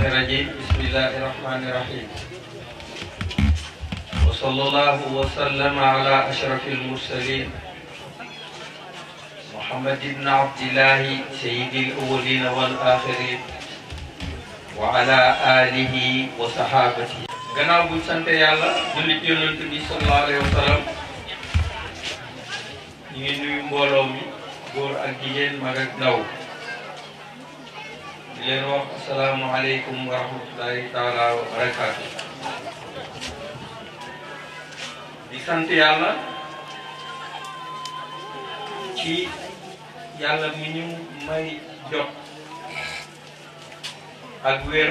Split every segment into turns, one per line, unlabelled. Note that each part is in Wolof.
الشيطان الرجيم بسم الله الرحمن الرحيم وصلى الله وسلم على أشرف المرسلين محمد بن عبد الله سيد الأولين والآخرين وعلى آله وصحابته gannaaw buñ sante yàlla jullit yonent bi sallallahu alayhi wa sallam ñu ngi nuyu mbooloo mi di leen wax asalaamualeykum wa rahmatullahi taala wa di sant yàlla ci yàlla mi ñu may jot ak wér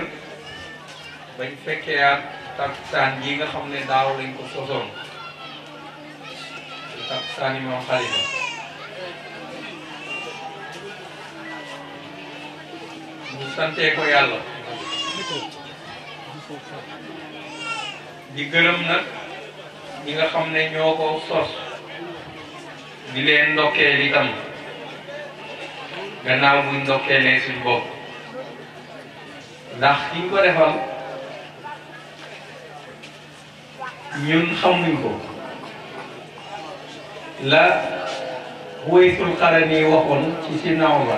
bañ fekkee ak takkusaan yi nga xam ne daaw lañ ko sosoon takkusaan moom xalima santee ko yàlla di gërëm nag ñi nga xam ne ñoo ko sos di leen ndokkeel itam gannaaw buñ ndokkeelee suñ bopp ndax ki ñu ko defal ñun xamuñ ko la Uwaysul Qarani waxoon ci si nawba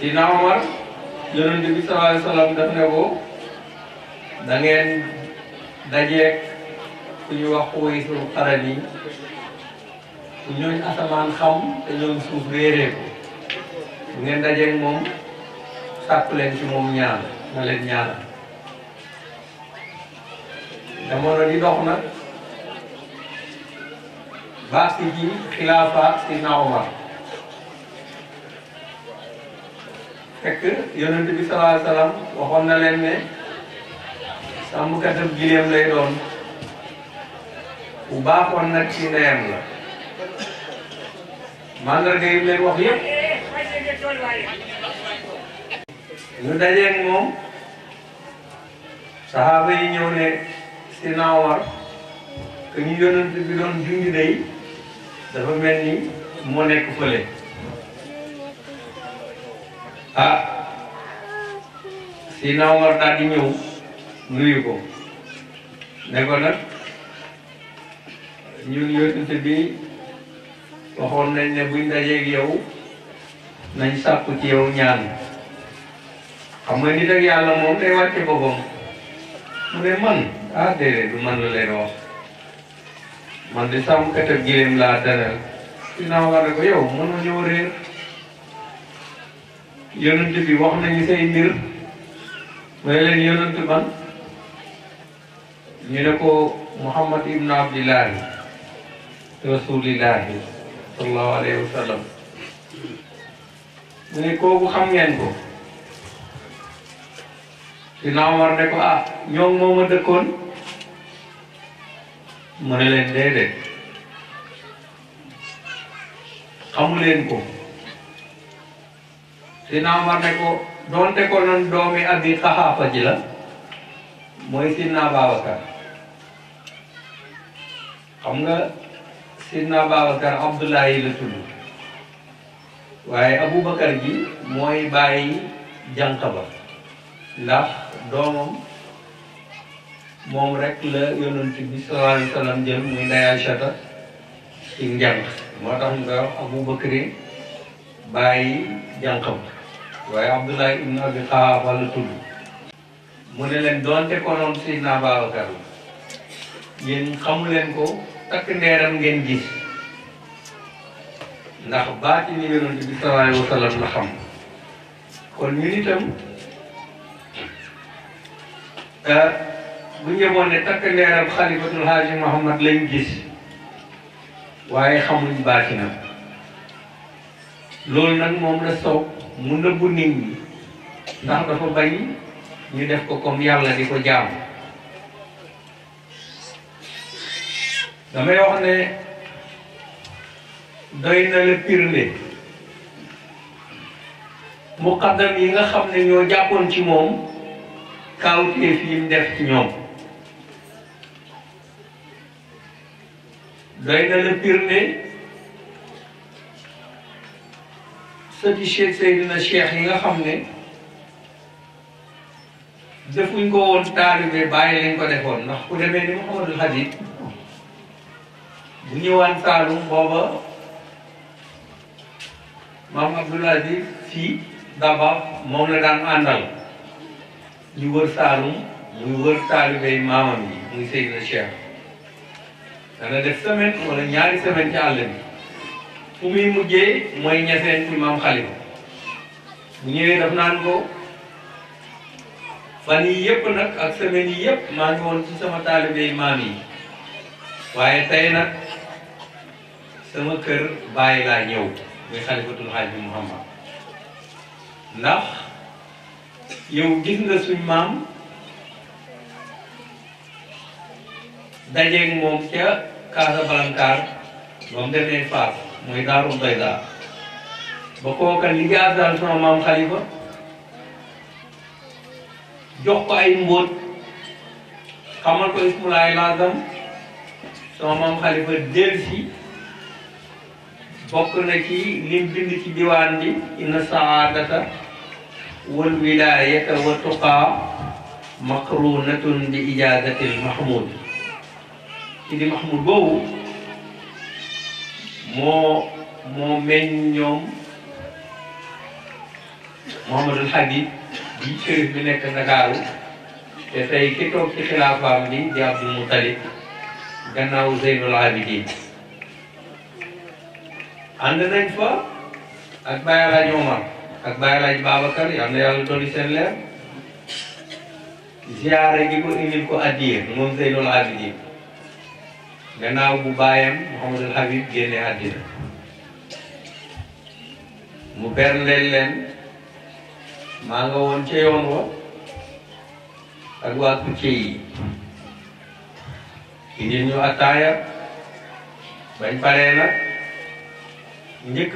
dina Omar yonent bi sallallahu alayhi wasallam daf ne ko da ngeen dajeeg suñu wax Uwaysul Qarani su ñooñ asamaan xam te ñoom suuf réeree ko bu ngeen dajeeg moom sàkku leen ci moom ñaan na leen ñaanal jamono di dox nag baax si ji xilaafa si Omar fekk yonent bi sallallahu waxoon na leen ne sàmmkatam gileem lay doon bu baaxoon nag ci ndeyam la mandarga yi leen wax yëpp ñu dajeeg moom saxaaba yi ñëw ne si naawar que yonent bi doon junj day dafa mel ni moo nekk fële ah si na Omar daal di ñëw nuyu ko ne ko nag ñun yonente bi waxoon nañ ne buñ dajeeg yow nañ sàpp ci yow ñaan xam nga nit ak yàlla moom day wàcce boppam mu ne man ah déedéet du man la leen wax man de sàmmkat ak gileem laa dalal si na Omar ne ko yow mënoo ñëw yonent bi wax nañu say mbir mu ne leen yonent ban ñu ne ko Muhammad ibnu Abdillahi rasulillahi sallallahu alayhi wa sallam mu ne kooku xam ngeen ko dinaa war ne ko ah ñoo moom a dëkkoon mu ne leen déedéet xamu leen ko Sina Omar ne ko doonte ko noon doomi abi saxaafa ji la mooy Sina Babacar xam nga Sina Babacar Abdoulaye la tudd waaye Aboubacar ji mooy bàyyi jànq ba ndax doomam moom rek la yonent bi sallallahu alayhi wa sallam jël muy Ndey ci njàng moo tax nga Aboubacar bàyyi jànqam waaye Abdoulaye ibn Abi Quhaafa la tudd mu ne leen doonte konoon Seydina Babacar la yéen xamu ko takk ndeeram ngeen gis ndax baati ni yonent bi sallallahu alayhi wa sallam la xam kon ñun itam ah, bu ñëwoon ne takk ndeeram xalifatul haaji Muhammad lañ gis waaye xamuñ baati na loolu nag moom la soog mu nëbbu nit ñi ndax dafa bañ ñu def ko comme yàlla di ko jàmm damay wax ne doy na la mu muqaddam yi nga xam ne ñoo jàppoon ci moom kawteef yi mu def ci ñoom doy na la pirnde sëti Cheikh Seydina Cheikh yi nga xam ne defuñ ko woon taalibe bàyyi lañ ko defoon ndax ku demee ni Mouhamadul Hadi bu ñëwaan Saalum booba maam Abdoul Aziz Sy Dabakh moom la daan àndal ñu wër Saalum muy wër taalibey maamam yi muy Seydina Cheikh dana def semaine wala ñaari semaine ci àll bi fu muy mujjee mooy ñaseen ci maam xalifa bu ñëwee naan ko fan yi yëpp nag ak semaine yi yëpp maa ngi woon ci sama taalibey maam yi waaye tey nag sama kër bàyyi laa ñëw muy xalifatul xaaj bi muhammad ndax yow gis nga suñ maam dajeeg moom ca Casablanca ba mu demee Fass muy daarul bayda ba kooka liggéeyal daal maam xalifa jox ay mbóot xamal ko ismulaay laazam sama maam xalifa delsi bokk na ci lim bind ci saadata wal wilaayata tuqaa maqrunatun bi ijaazatil mahmud di mahmud boobu moo moo meññ ñoom Mouhamadul Habib bi chérif bi nekk Ndakaaru te tey ki toog ci xilaafaam bi di Abdul Muttalib gannaaw Zeynul Abidin ànd nañ fa ak Baye Alaaji Omar ak Baye Alaaji Babacar yal na yàlla dolli seen leer ziyaare gi ko indil ko addiye moom Zeynul Abidin gannaaw bu baayam Mouhamadul Habib génne àddina mu berndeel leen maa nga woon ca yoon wa ak waa Kucce yi indil ñu attaaya bañ paree nag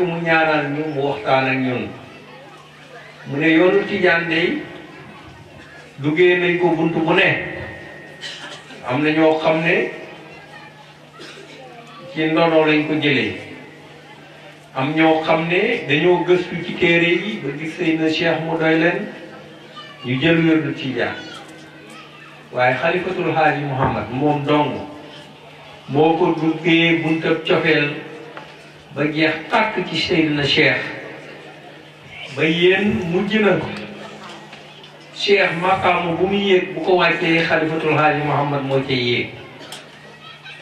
mu ñaanal ñu mu waxtaan ak mu ne yoonu Tijaan dey duggee nañ ko bunt bu ne am na ñoo xam ne ci ndono lañ ko jëlee am ñoo xam ne dañoo gëstu ci téere yi ba gis sëy na cheikh mu doy leen ñu jël wérdu tijaan waaye xalifatul haaji muhammad moom dong moo ko duggee buntab cofeel ba jeex tàkk ci seydina cheikh ba yéen mujj na cheikh maqaamu bu mu yéeg bu ko wàccee xalifatul haaji muhammad moo cay yéeg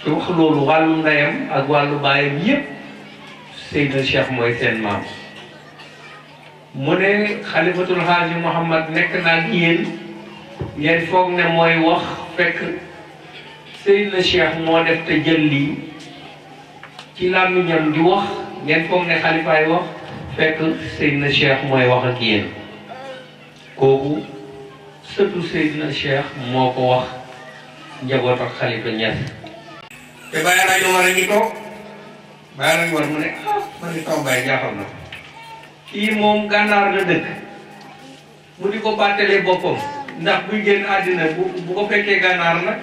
su wax loolu wàllu ndeyam ak wàllu baayam yépp Seydina Cheikh mooy seen maam mu ne xalifatul xaaji Mouhamad nekk naa ak yéen ngeen foog ne mooy wax fekk Seydina Cheikh moo def te jël lii ci làmmiñam di wax ngeen foog ne xalifaay wax fekk Seydina Cheikh mooy wax ak yéen kooku sëtu Seydina Cheikh moo ko wax njaboot ak xalifa Ñas te bàyyi laay doon war a ngi toog bàyyi laay war mu ne ah man de sama bàyyi na kii moom gànnaar la dëkk mu di ko bàttalee boppam ndax buy génn dina bu bu ko fekkee gànnaar nag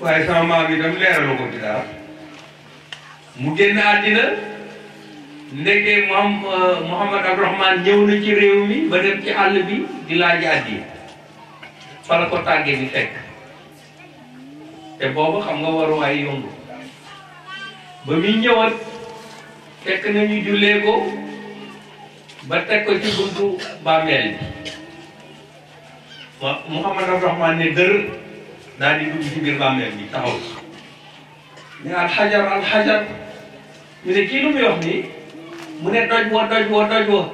waaye sama maam yi tam leeralu ko ci dara mu génn àddina ndeke moom eh, Mouhamad Abdourahmane ñëw na ci réew mi ba dem ci àll bi di laaj àddi fa la ko tàggee bi fekk te boobu xam nga waruwaay yomb ba muy ñëwaat fekk nañu jullee ko ba teg ko ci buntu bàmmeel bi ma Mouhamad Abdourahman ne dër daal di dugg ci biir bàmmeel bi taxaw ne alxajar alxajar ñu ne kii lu muy mu ne doj wa doj wa doj wa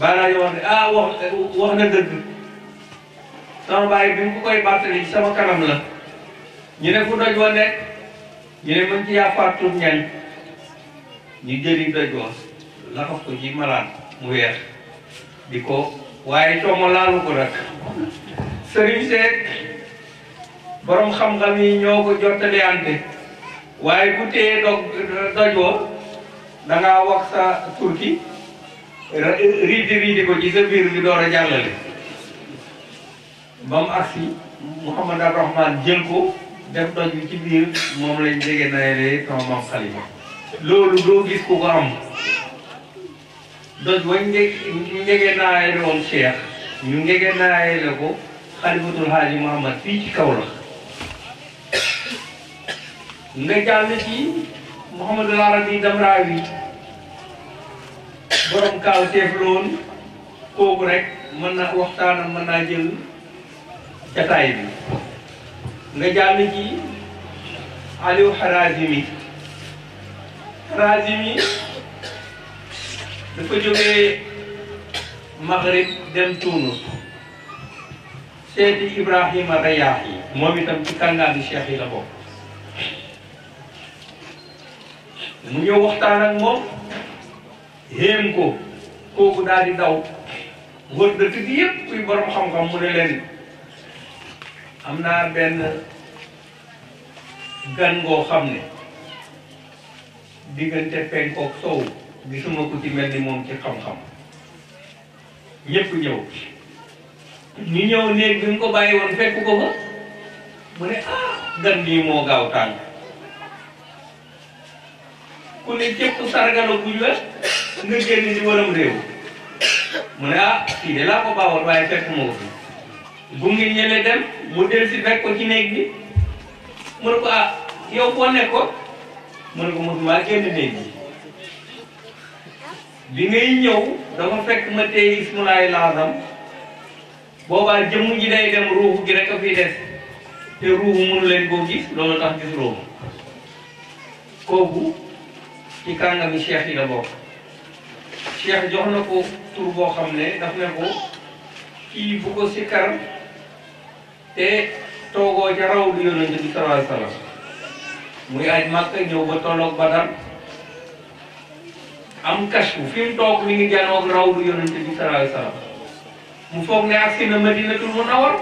balaa ñu wax ne ah wax wax na dëgg sama baay bi mu koy bàttali sama la ñu ne fu doj wa nekk ñu ne mën ci yàppaat ñañ ñu jëli doj wa laxas ko ci malaan mu weex di ko waaye cooma laalu ko nag sëriñ seet borom xam-xam yi ñoo ko jottaliante waaye bu téye dog doj wa da wax sa turki riidi riidi ko ci sa biir bi door a jàllale ba mu agsi Mouhamad Abdourahmane jël ko def doj bi ci biir moom lañ jege nawelee sama maam Xalifa loolu doo gis ku ko am doj wañ njëg njëge naawee woon Cheikh ñu njëge naawee la ko Xalifatul Haaji Muhammad fii ci kaw la nga jàll ci Mouhamadul Arabi Damraawi borom kaaw teef loon kooku rek mën na waxtaanam mën naa jël jataay bi nga jàll ci Aliou Harazimi Harazimi dafa jógee dem Tuunus seeti Ibrahima Rayaahi yi moom itam ci kàngaami cheikh yi la bokk mu ak moom xéem ko kooku daal di daw wër dëkk bi yëpp kuy borom xam-xam mu ne am naa benn gan ngoo xam ne diggante penkook sow gisuma moom ci xam-xam ñépp ñëw ñu ñëw néeg bi ko bàyyi woon fekk ko fa mu ne ah gan bii moo gaaw tàng ku ne cëpp sargalo buñ la nga génn di waram réew mu ne ah kii de laa ko baawoon waaye fekk ma ko fi gunge ñële dem mu del si fekk ko ci néeg bi mu ne ko ah yow foo nekk mu ne ko mosuma génn néeg bi bi ngay ñëw dafa ma tey ismulaay laazam boobaa jëmm ji day dem ruuxu gis loolu tax gis ruuxu kooku ci kàngami cheikh yi la bokk cheikh jox na ko tur boo xam ne daf ne ko kii bu ko sikkar te toogoo ca raw du yonent bi sallallahu alayhi muy aj Makka ñëw ba tolloog Badar am kashfu fi mu toog mi ngi janoog raw du yonent bi sallallahu alayhi wa mu foog ne agsi na Madinatul Munawwar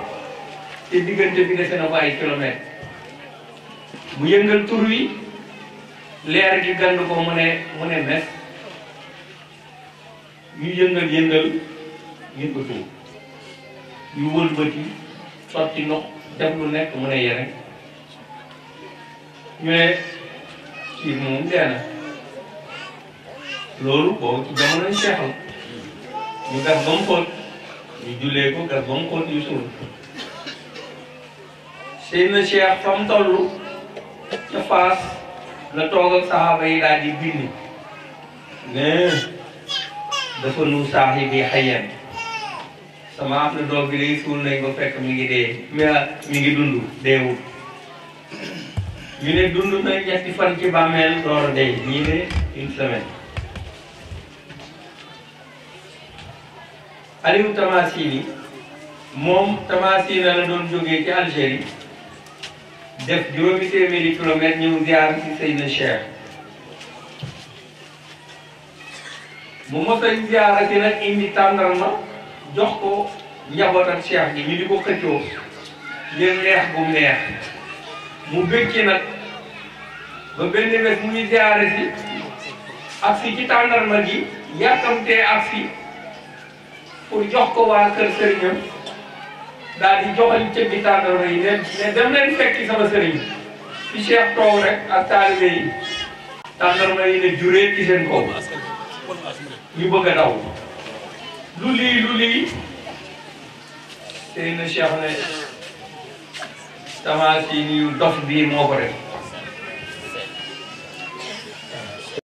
te diggante bi dese na ko ay kilomètre mu yëngal tur wi leer gi gànd ko mu ne mes ñu yëngal yëngal yëngatu ñu wëlbati sotti ndox def lu nekk mu ne yere ñu ne kii moom dee na loolu boobu ci jamonoy seex la ñu gas ba mu xóot ko gas ba mu xóot ñu na seex fa mu toll ca faas la toog ak saxaaba yi daal di nu saaxi bi xayyan sama af na doom bi day nañ ko fekk mi ngi dee mi ngi dund deewul ñu ne dund na ñetti fan ci bàmmeel door a dee ne une semaine Aliou Tamasini moom Tamasina la doon jógee ci Algérie def juróomi téeméeri kilomètre ñëw ziar ci Seydina Cheikh mu mos a ziarati nag indi tàndarma jox ko njabootam cheikh gi ñu di ko xëccoo leen neex bu neex mu bëgg ci nag ba benn bés mu ngi ziare si ak ci tàndarma gi yàkkamtee ak si pour jox ko waa kër sëriñam daal di joxañ cëb bi tàndarma yi ne ne dem leen fekki sama sëriñ fi cheikh toog rek ak taalibe yi tàndarma yi ne juree ci seen kaw ñu bëgg a daw lu lii lu lii Serigne Cheikh ne tamasini yu dof bii moo ko